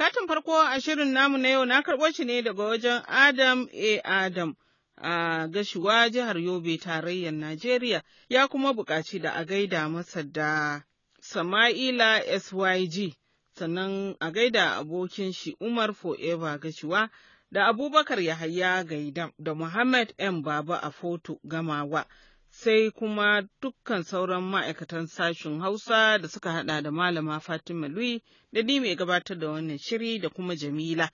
Katin farko a shirin namu na yau na karɓo shi ne daga wajen Adam A. Adam a gashuwa jihar Yobe tarayyar Najeriya ya kuma buƙaci da a gaida masa da Sama'ila SYG sannan a gaida abokin shi Umar Forever gashuwa da Abubakar Yahaya gaida da Muhammad M. Baba a foto gamawa sai kuma dukkan sauran ma'aikatan sashen Hausa da suka haɗa da Malama Fatima Lui da ni mai gabatar da wannan shiri da kuma Jamila.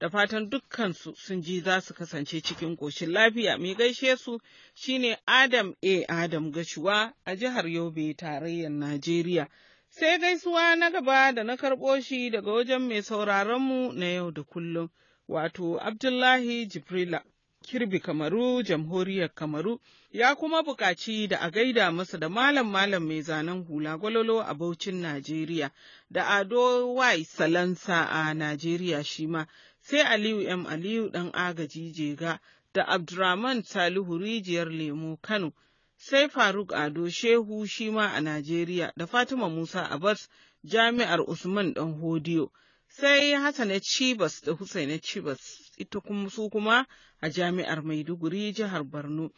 Da fatan dukkansu sun ji za su kasance cikin ƙoshin lafiya mai gaishe su shine Adam A. Adam Gashuwa a jihar Yobe tarayyar Najeriya. Sai gaisuwa na gaba da na karɓo shi daga wajen mai sauraronmu na yau da kullum, wato Abdullahi Jibrila. Kirbi Kamaru, Jamhuriyar Kamaru, ya kuma buƙaci da a gaida masa da Malam Malam mai zanen hula gwalolo a Baucin Najeriya, da Ado Wai Salansa a Najeriya shima, sai Aliyu M. Aliyu ɗan agaji Jega, da Abdurrahman Salihu Rijiyar Lemo Kano, sai Faruk Ado Shehu shima a Najeriya, da Fatima Musa Abbas Jami'ar Usman ɗan Hodiyo, sai Hassana Chibas da Husaina Chibas. ita kuma su kuma a jami'ar Maiduguri jihar Borno.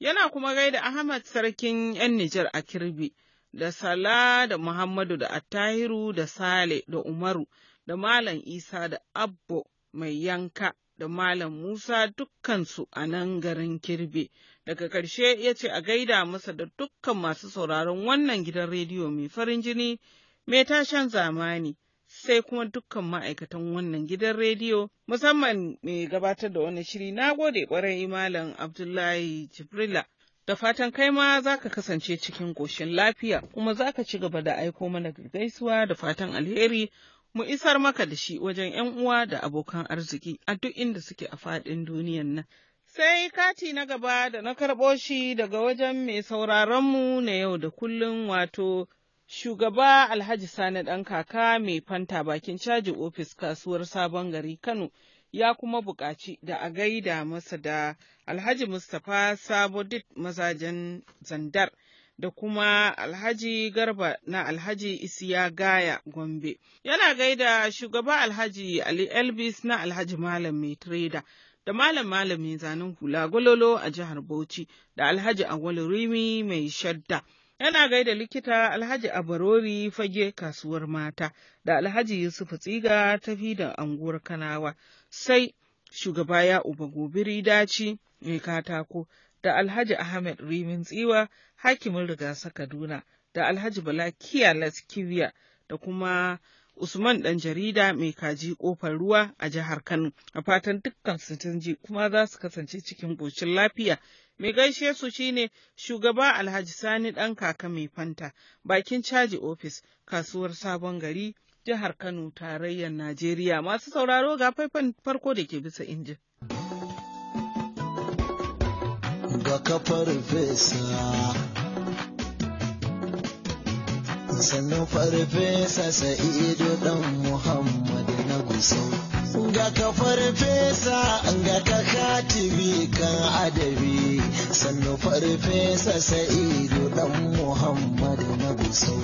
Yana kuma gaida Ahmad sarkin 'yan Nijar a Kirbi da Sala da Muhammadu da Attahiru da Sale da Umaru da Malam Isa da Abbo mai yanka da Malam Musa dukkansu a nan garin Kirbe. Daga ƙarshe ya ce a gaida masa da dukkan masu sauraron wannan gidan rediyo mai farin jini mai tashan zamani. sai kuma dukkan ma'aikatan wannan gidan rediyo musamman mai gabatar da wani shiri na gode kwarai malam Abdullahi Jibrila. Da fatan kai ma za ka kasance cikin ƙoshin lafiya kuma za ka ci gaba da aiko mana gaisuwa da fatan alheri mu isar maka da shi wajen 'yan uwa da abokan arziki a duk inda suke a faɗin duniyan nan. Sai kati na gaba da na karɓo shi daga wajen mai sauraronmu na yau da kullum wato Shugaba Alhaji Sani ɗan kaka mai fanta bakin caji ofis kasuwar Sabon Gari Kano ya kuma buƙaci da a gaida masa da Alhaji Mustapha Sabo mazajen Zandar da kuma Alhaji Garba na Alhaji Isiya Gaya Gombe. Yana gaida shugaba Alhaji Ali Elvis na Alhaji Malam Mai da malam malam mai zanen hula gololo a jihar Bauchi da Alhaji Awal Rimi mai shadda Yana gaida likita Alhaji Abarori fage kasuwar mata da Alhaji Yusuf Tsiga tafi da anguwar Kanawa, sai shugaba ya uba gobiri daci mai katako da Alhaji Ahmed Rimin Tsiwa hakimin rigasa Kaduna da Alhaji Bala Kiyalas da kuma Usman ɗan jarida mai kaji ƙofar ruwa a jihar Kano. A fatan dukkan su kuma za su kasance cikin ƙoshin lafiya. Mai gaishe su shine shugaba Alhaji Sani ɗan kaka mai fanta bakin caji ofis kasuwar sabon gari jihar Kano tarayyar Najeriya masu sauraro ga faifan farko da ke bisa injin. Ga kafar fesa sannu farfesa sa'idu dan muhammad na gusau ga ka farfesa ga ka katibi kan adabi sannu farfesa sa'idu dan muhammad na gusau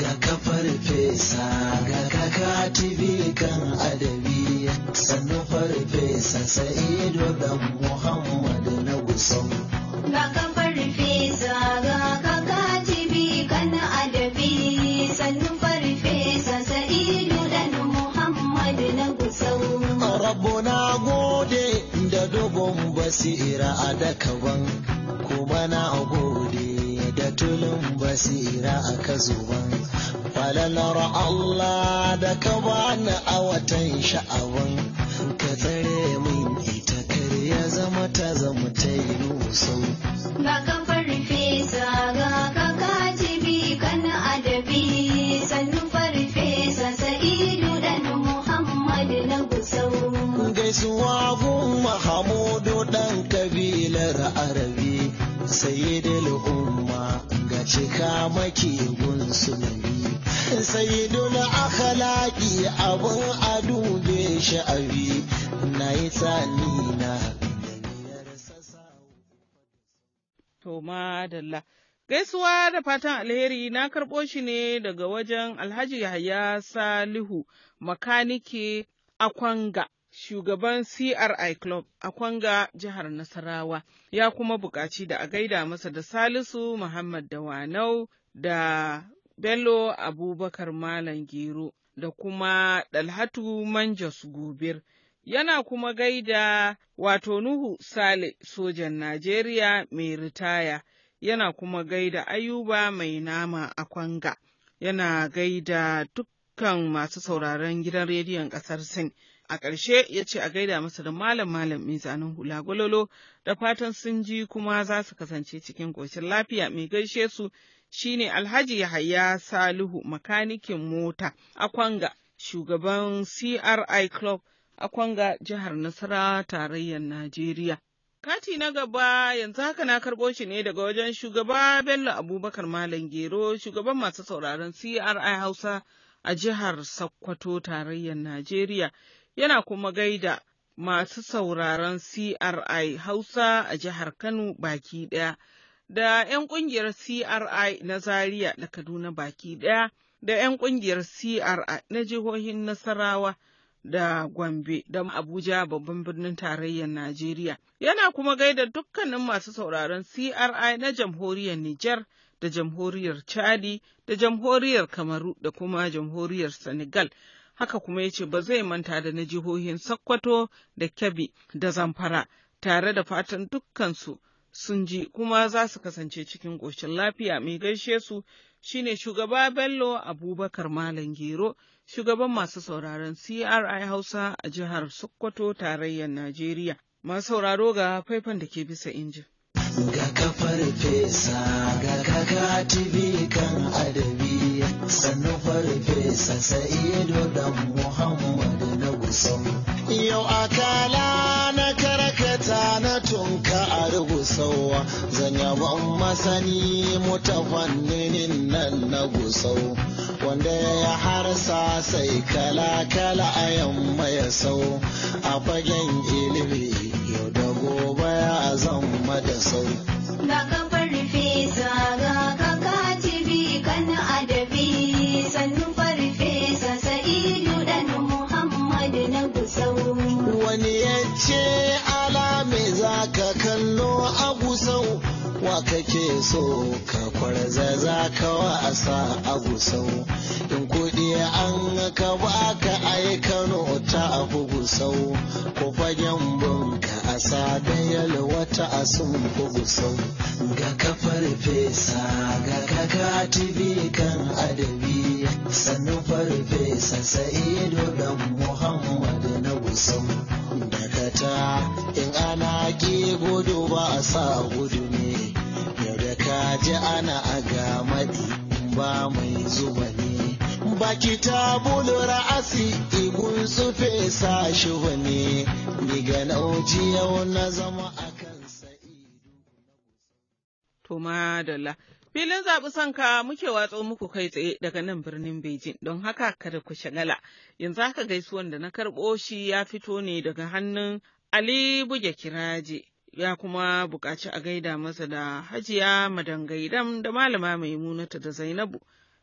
ga ka farfesa ga ka katibi kan adabi sannu farfesa sa'idu dan muhammad na gusau ga ka farfesa ga ka basira a dakaban kuma na gode da tulun basira a kazuban falalar Allah da ka bani a watan sha'awan ka tsare min ita kare ya zama ta zama ta yi nusau. Suwabun mahamudu ɗan kabilar arabi sai da umma ga cika maki gun sunabi sai dole akhlaqi abun be sha'abi na yi tsani na To madalla. Gaisuwa da fatan alheri na karɓo shi ne daga wajen Alhaji Yahaya Salihu makanike Akwanga shugaban CRI Club a Kwanga jihar Nasarawa, ya kuma buƙaci da a gaida masa da Salisu Muhammad Dawanau da Bello Abubakar Malam Gero da kuma Dalhatu Manjas Gobir. Yana kuma gaida wato Nuhu Sale sojan Najeriya mai ritaya, yana kuma gaida Ayuba mai nama a Kwanga, yana gaida dukkan masu sauraron gidan rediyon ƙasar Sin. A ƙarshe ya ce a gaida masa da malam malam mai zanen hula gwalolo da fatan sun ji kuma za su kasance cikin ƙoshin lafiya mai gaishe su shine Alhaji Yahaya Salihu makanikin mota a Kwanga shugaban CRI Club a Kwanga jihar Nasara tarayyar Najeriya. Kati na gaba yanzu haka na karɓo shi ne daga wajen shugaba Bello Abubakar Malam Gero shugaban masu sauraron CRI Hausa a jihar Sokoto tarayyar Najeriya yana kuma gaida masu sauraron CRI Hausa a jihar Kano baki ɗaya, da 'yan ƙungiyar CRI na Zaria da Kaduna baki ɗaya, da 'yan ƙungiyar CRI na jihohin Nasarawa. da Gombe da Abuja babban birnin tarayyar Najeriya. Yana kuma gaida dukkanin masu sauraron CRI na jamhuriyar Nijar da jamhuriyar Chadi da jamhuriyar Kamaru da kuma jamhuriyar Senegal haka kuma ya ce ba zai manta da na jihohin Sokoto da Kebbi da Zamfara tare da fatan dukkansu sun ji kuma za su kasance cikin ƙoshin lafiya mai gaishe su shine shugaba Bello Abubakar Malam Gero shugaban masu sauraron CRI Hausa a jihar Sokoto tarayyar Najeriya. Masu sauraro ga faifan da ke bisa injin. ga kafar fesa ga kaka tv kan adabi sannu farfesa sa'ido dan muhammadu na gusau yau akala na karkata na tunka a rugusau zan masani mutafanninin nan na gusau wanda ya harsa sai kala-kala a yamma ya sau a fagen ilimi yau da gobe ya zama da sau. Ga kafar fesa ga kakatibi kan adabi sannu farfesa sa'idu dan Muhammad na gusau. Wani ya ce kake so ka kwarza za ka wasa a gusau in kuɗi an ka baka ai kano ta abu gusau ko fagen bunka a sada yalwata a sun gusau ga kafar fesa ga kaka tibi kan adabi sannan farfesa sa'ido da muhammad na gusau dakata in ana ki gudu ba a sa gudu ne da kaji ana a gamadi ba mai zuba ne baki ta bulo ra'asi, igun su fesa shuhu ne diga nauji yau na zama a kan sa'idu Filin zaɓi sanka muke watsa muku kai tsaye daga nan birnin Beijing don haka kada ku shagala. Yanzu haka gaisuwan da na karɓo shi ya fito ne daga hannun Ali Buge Kiraje. ya kuma buƙaci a gaida masa da hajiya madangaidam da malama mai munata da zainabu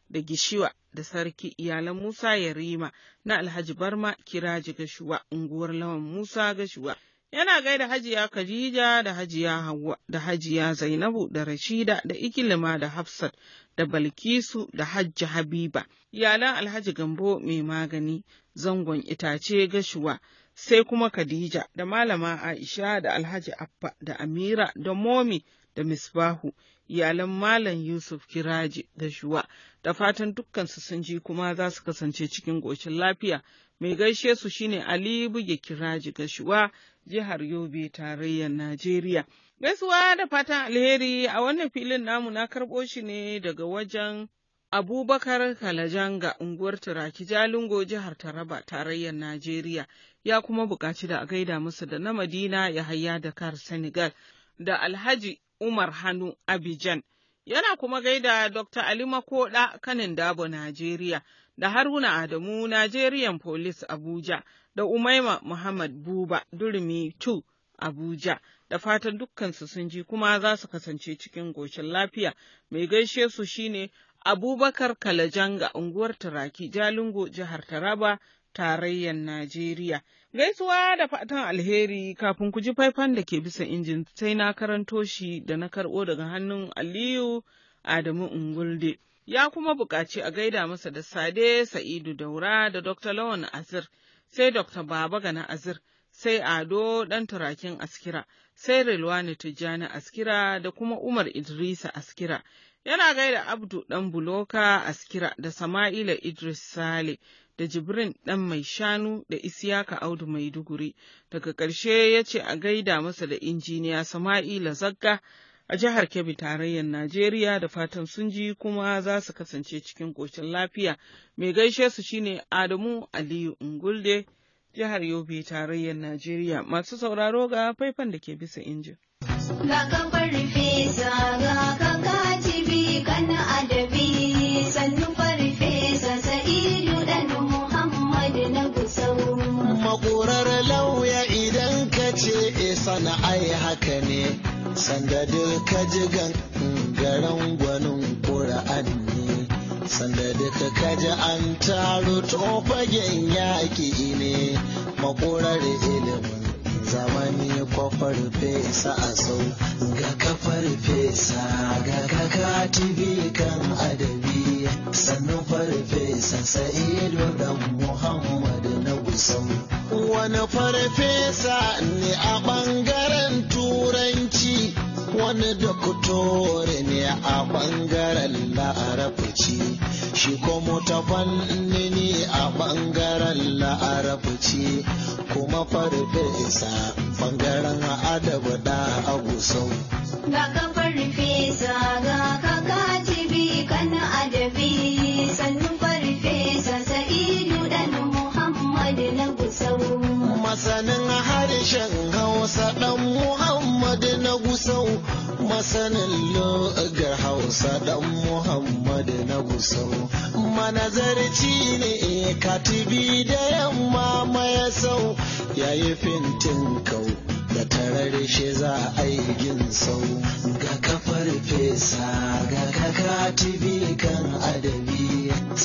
da gishiwa da sarki iyalan musa yarima na alhaji barma kiraji gashuwa unguwar lawan musa gashuwa yana gaida hajiya khadija da hajiya Hauwa da hajiya zainabu da rashida da ikilima da hafsat da balkisu da hajji habiba iyalan alhaji gambo mai magani zangon itace gashuwa sai kuma Khadija da Malama Aisha da Alhaji Abba da Amira da Momi da Misbahu, iyalan Malam Yusuf Kiraji da Shuwa, da fatan dukkansu sun ji kuma za su kasance cikin goshin lafiya. Mai gaishe su shine Ali Buge Kiraji ga Shuwa, jihar Yobe, tarayyar Najeriya. Gaisuwa da fatan alheri a wannan filin namu na karɓo shi ne daga wajen Abubakar Kalajanga unguwar Turaki Jalingo jihar Taraba tarayyar Najeriya ya kuma buƙaci da a gaida musu da na Madina ya hayya kar Senegal da Alhaji Umar Hannu abijan Yana kuma gaida Dr. Ali Makoda kanin Dabo Najeriya da Haruna Adamu najeriyan Police Abuja da Umaima Muhammad Buba Durmi 2 Abuja. da fatan dukkansu sun ji kuma za su kasance cikin goshin lafiya. Mai gaishe su shine Abubakar Kalajanga unguwar Turaki Jalingo jihar Taraba tarayyar Najeriya. Gaisuwa da fatan alheri kafin ku ji faifan da ke bisa injin sai na karanto shi da na karɓo daga hannun Aliyu Adamu Ungulde. Ya kuma buƙaci a gaida masa da Sade Sa'idu Daura da Dr. Lawan Azir, sai Dr. Baba Gana Azir, sai Ado ɗan turakin Askira, sai Rilwani Tijjani Askira da kuma Umar Idrisa Askira. yana gaida Abdu ɗan Buloka Askira da Sama'ila Idris Sale da Jibrin ɗan mai shanu da Isiyaka Audu Maiduguri. Daga ƙarshe ya ce a gaida masa da injiniya Sama'ila Zagga a jihar Kebbi tarayyar Najeriya da fatan sun ji kuma za su kasance cikin ƙoshin lafiya. Mai gaishe su shine Adamu Aliyu Ungulde, jihar Yobe tarayyar Najeriya. Masu sauraro ga faifan da ke bisa injin. Ga haka ne sanda duka jigan garan gwanin ƙura'an ne sanda duka kaji an taro fagen yaƙi ne makorar ilimin zamani kwafar fesa a sau ga kafar fesa ga kaka tv kan adabi sannan farfesa sa'idu dan muhammadu na gusau wani farfesa ne a ɓangaren wani doktore ne a ɓangaren larabci shi kuma ta fannini a ɓangaren larabci kuma isa ɓangaren adabu da agusau ga ka farfesa ga ka katibi kan adabi farfesa sa'idu dan Muhammadu na gusau masanin harshen hausa dan Muhammadu na gusau sanin logar hausa dan Muhammadu na gusau manazarci ne katibi da yamma maya sau yayi fintin kau da tarar shi za a yi gin sau ga kafar fesa ga katibi kan adabi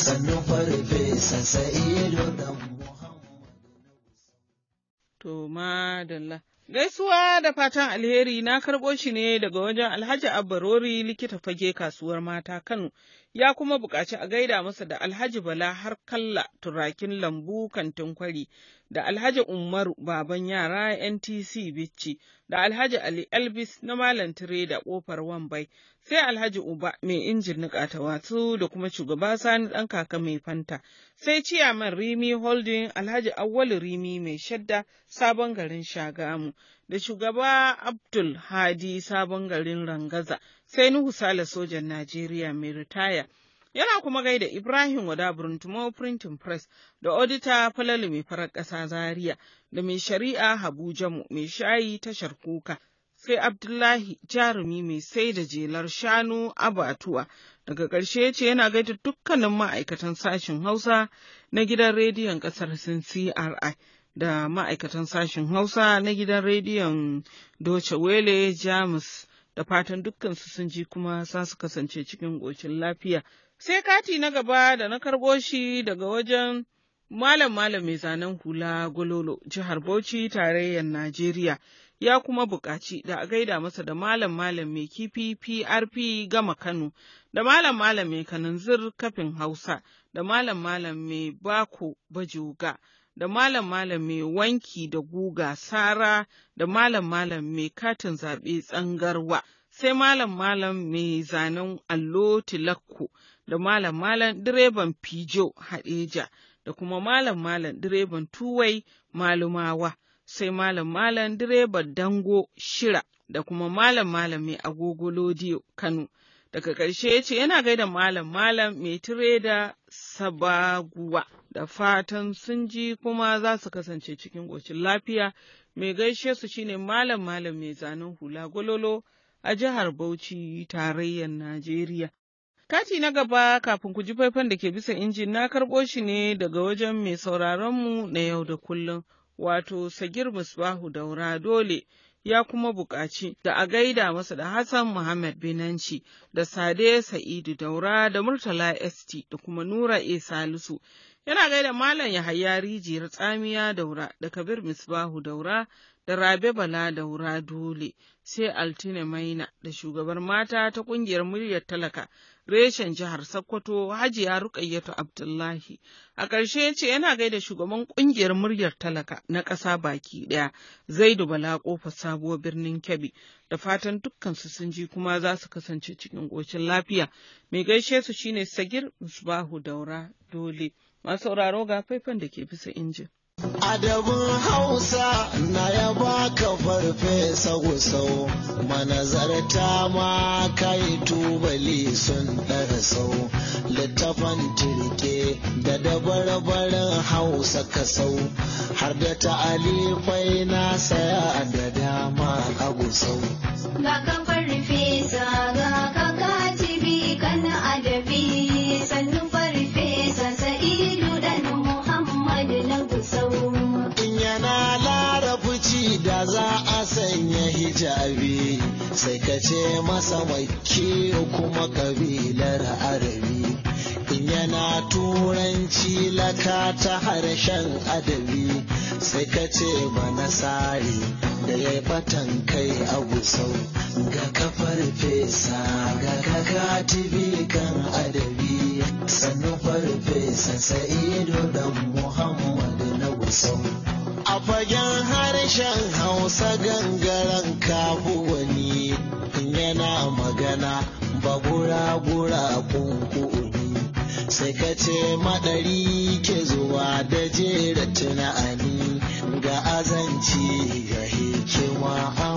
sannu farfesa sa'ido da muhammadu na madalla Gaisuwa da fatan alheri na karɓo shi ne daga wajen Alhaji Abbarori likita fage kasuwar mata Kano, ya kuma buƙaci a gaida masa da Alhaji Bala har kalla turakin lambu kantin kwari da Alhaji Umar Baban Yara NTC Bicci da Alhaji Ali Elvis na Malam Tire da Kofar Wambai sai Alhaji Uba mai injin nika ta watsu da kuma shugaba Sani ɗan kaka mai fanta sai ciyaman Rimi Holding Alhaji Awwalu Rimi mai shadda sabon garin Shagamu da shugaba Abdul Hadi sabon garin Rangaza sai Nuhu Sale sojan Najeriya mai ritaya. Yana kuma gaida Ibrahim Wada Burntumo Printing Press da Odita Falalu mai farar ƙasa Zaria da mai shari'a Habu Jamu mai shayi tashar kuka. Sai Abdullahi jarumi mai sai da jelar shanu abatuwa daga ƙarshe ce yana gaida dukkanin ma'aikatan sashen Hausa na gidan rediyon ƙasar sin CRI. da ma'aikatan sashen Hausa na gidan rediyon Doce Wele Jamus da fatan dukkansu sun ji kuma za su kasance cikin gocin lafiya. Sai kati na gaba da na karɓo shi daga wajen Malam Malam mai zanen hula Gololo, jihar Bauchi, tarayyar Najeriya, ya kuma buƙaci da a gaida masa da Malam Malam mai kifi PRP gama Kano, da Malam Malam mai kananzir kafin Hausa, da Malam Malam mai bako bajoga. da malam malam mai wanki da guga sara da malam malam mai katin zaɓe tsangarwa sai malam malam mai zanen allo tilakko da malam malam direban Fijo Hadeja da kuma malam malam direban Tuwai Malumawa sai malam malam direban Dango Shira da kuma malam malam mai agogo Lodiyo Kano. Daga ƙarshe ya ce yana gaida malam malam mai tireda sabaguwa da fatan sun ji kuma za su kasance cikin ƙoshin lafiya mai gaishe su shine malam malam mai zanen hula gololo a jihar Bauchi tarayyar Najeriya. Kati na gaba kafin ku ji faifan da ke bisa injin na karɓo shi ne daga wajen mai sauraronmu na yau da kullum, wato Sagir Musbahu Daura Dole. Ya kuma buƙaci da a gaida masa da Hassan Muhammad Binanci da Sade Sa'idu Daura da Murtala ST da kuma Nura E Salisu. Yana gaida Malam Yahaya Rijiyar Tsamiya Daura da Kabir Misbahu Daura da Rabe Bala da Wura Dole, sai Altine Maina da shugabar mata ta ƙungiyar muryar talaka reshen jihar Sokoto Hajiya Rukayyatu Abdullahi. A ƙarshe ya ce yana gaida shugaban ƙungiyar muryar talaka na ƙasa baki ɗaya Zaidu Bala ƙofa sabuwar birnin Kebbi da fatan dukkansu sun ji kuma za su kasance cikin ƙoshin lafiya. Mai gaishe su shine Sagir usbahu Daura Dole. Masu sauraro ga faifan da ke bisa injin. adabin hausa na ya baka farfesa gusau manazarta ma kai tubali sun sau littafan tirke da dabarbarin hausa kasau har da ta'alifai na saya da dama a gusau ga farfesa ga sai ka ce masa mai kiwo kuma kabilar arabi in yana turanci laka ta harshen adabi sai ka ce bana sari da ya batan kai a gusau ga kafar fesa ga kaka tv kan adabi sannu farfesa sa'ido dan muhammadu na gusau a fagen harshen hausa gangaren wani yana magana ba gura-gura kunkuni sai ka ce maɗari ke zuwa da jera tunani ga azanci ga hikima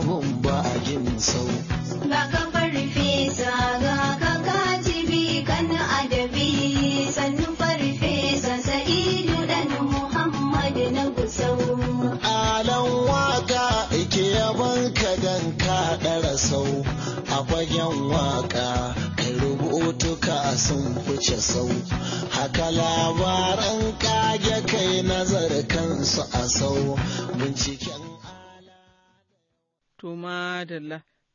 sun fice sau haka labaran kage kai nazar kansu a sau binciken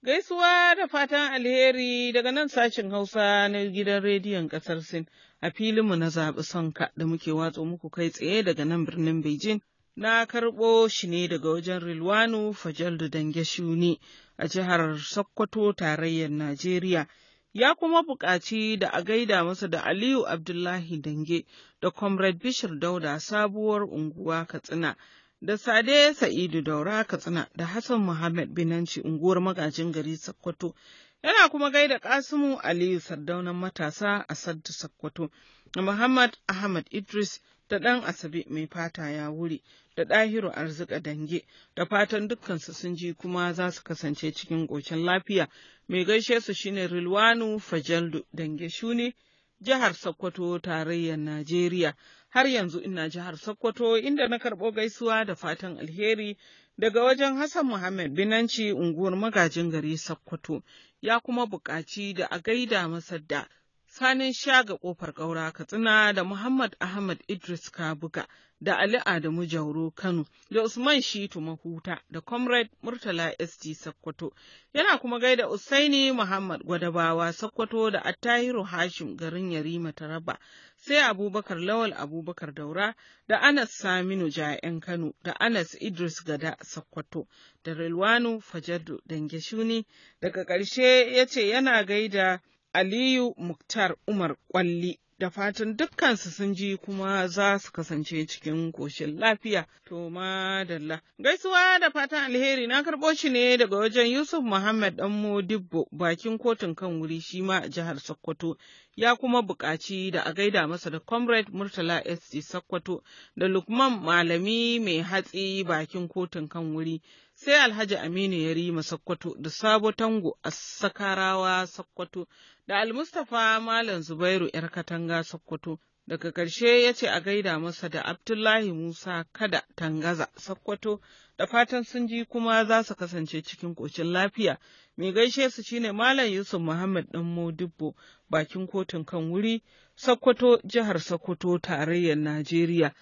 Gaisuwa da fatan alheri daga nan sashen Hausa na gidan rediyon ƙasar Sin a filin mu na zaɓi sonka da muke watsa muku kai tsaye daga nan birnin Beijing. Na karɓo shi ne daga wajen Rilwanu Fajaldu Dange ne a jihar Sokoto tarayyar Najeriya ya kuma buƙaci da a gaida masa da Aliyu Abdullahi Dange da Comrade Bishir Dauda sabuwar unguwa Katsina. Da Sade Sa'idu Daura Katsina da Hassan Muhammad Binanci unguwar magajin gari Sokoto yana kuma gaida Kasimu Aliyu Sardaunan matasa a Sadda Sokoto da Muhammad Ahmad Idris da ɗan Asabe mai fata ya wuri da ɗahiru arzika dange da fatan dukkansu sun ji kuma za su kasance cikin ƙoshin lafiya mai gaishe su shine Rilwanu Fajaldu dange shuni jihar Sokoto tarayyar Najeriya har yanzu ina jihar Sokoto inda na karɓo gaisuwa da fatan alheri daga wajen Hassan Muhammad Binanci unguwar magajin gari Sokoto ya kuma buƙaci da a gaida masa da Sanin shaga ƙofar ƙaura Katsina da Muhammad Ahmad Idris Kabuga da Ali Adamu Jauro Kano da Usman Shitu Mahuta da Comrade Murtala ST Sakkwato. Yana kuma gaida Usaini Muhammad Gwadabawa Sakkwato da Attahiru Hashim garin Yarima Taraba sai Abubakar Lawal Abubakar Daura da Anas Saminu Ja'yan Kano da Anas Idris Gada Sakkwato da Rilwanu Fajardu Dangeshuni daga ƙarshe ya yana gaida Aliyu Muktar Umar Kwalli. Da fatan dukkansu sun ji kuma za su kasance cikin koshin lafiya. To madalla. Gaisuwa da fatan alheri na karɓo shi ne daga wajen Yusuf Muhammad ɗan Modibbo bakin kotun kan wuri shi ma a jihar Sokoto. Ya kuma buƙaci da a gaida masa da Comrade Murtala SC Sokoto da Lukman Malami mai hatsi bakin kotun kan wuri. sai Alhaji Aminu ya rima Sokoto da Sabo Tango a Sakarawa Sokoto da Almustapha Malam Zubairu ‘yar katanga Sokoto Daga karshe ya ce a gaida masa da Abdullahi Musa kada tangaza Sakkwato da fatan sun ji kuma za su kasance cikin ƙocin lafiya. Mai gaishe su shine Malam Yusuf Muhammad ɗan Modibbo bakin kotun kan wuri Sokoto jihar Sokoto tarayyar Najeriya.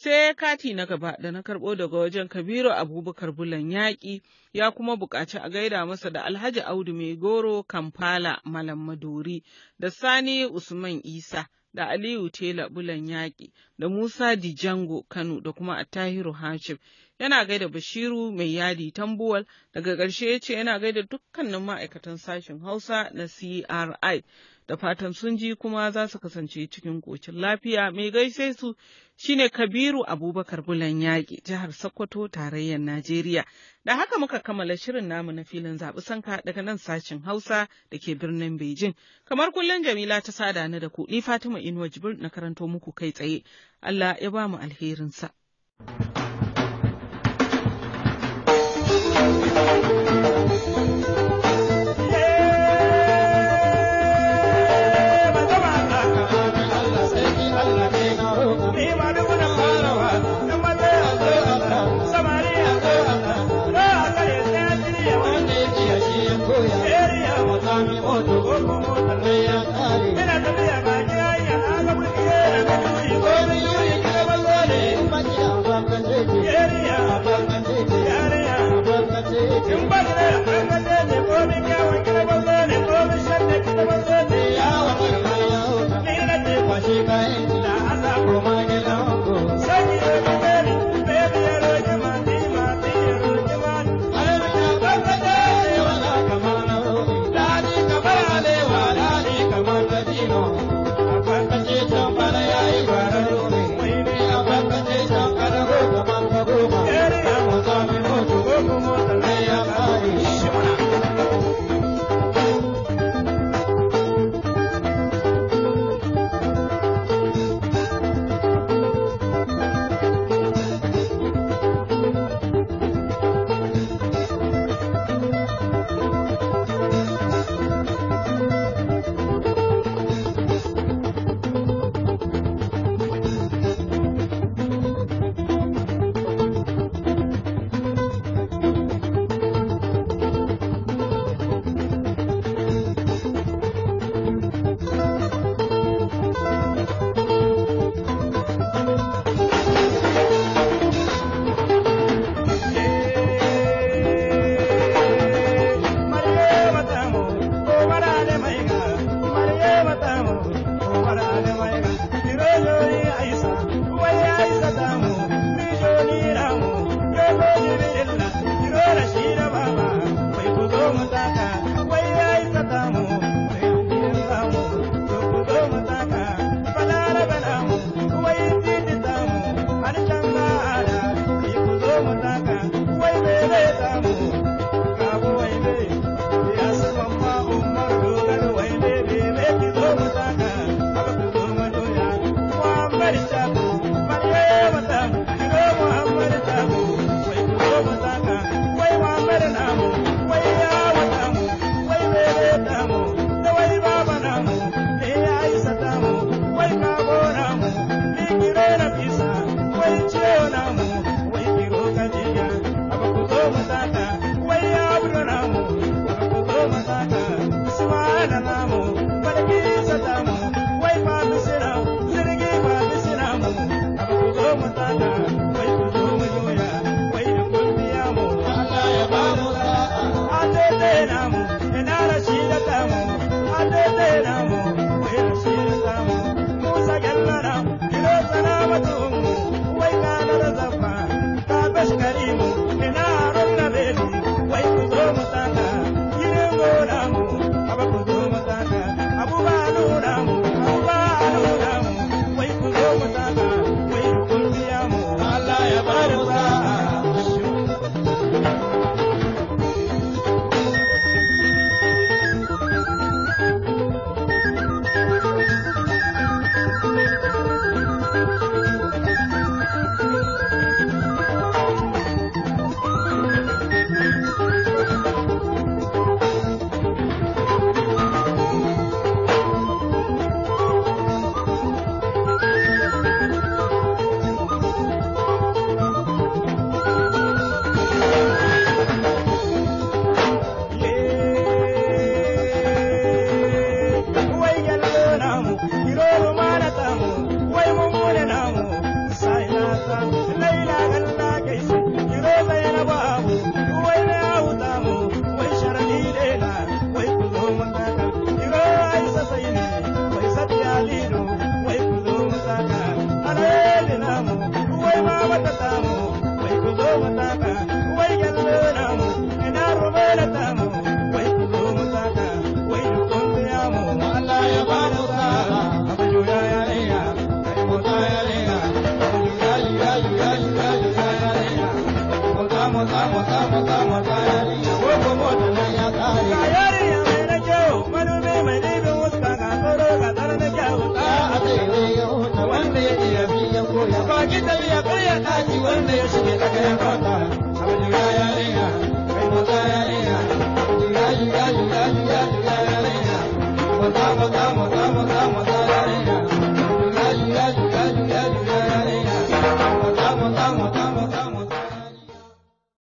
sai kati na gaba da na karɓo daga wajen Kabiru Abubakar Bulan yaƙi ya kuma buƙaci a gaida masa da Alhaji Audu Mai Goro Kamfala Malam Maduri da Sani Usman Isa da Aliyu Tela Bulan yaƙi da Musa Dijango Kano da kuma Attahiru Hashim. Yana gaida Bashiru Mai Yadi Tambuwal daga ƙarshe ya ce yana gaida dukkanin ma'aikatan sashen Hausa na CRI. da fatan sun ji kuma za su kasance cikin ƙocin lafiya mai gaishe su shine kabiru abubakar bulan yaƙi jihar sokoto tarayyar najeriya da haka muka kammala shirin namu na filin zaɓi sanka daga nan sashin hausa da ke birnin beijing kamar kullum jamila ta sada ni da ku ni fatima inuwa jibir na karanto muku kai tsaye allah ya ba mu alherinsa. الإمام أدعو يا قارئ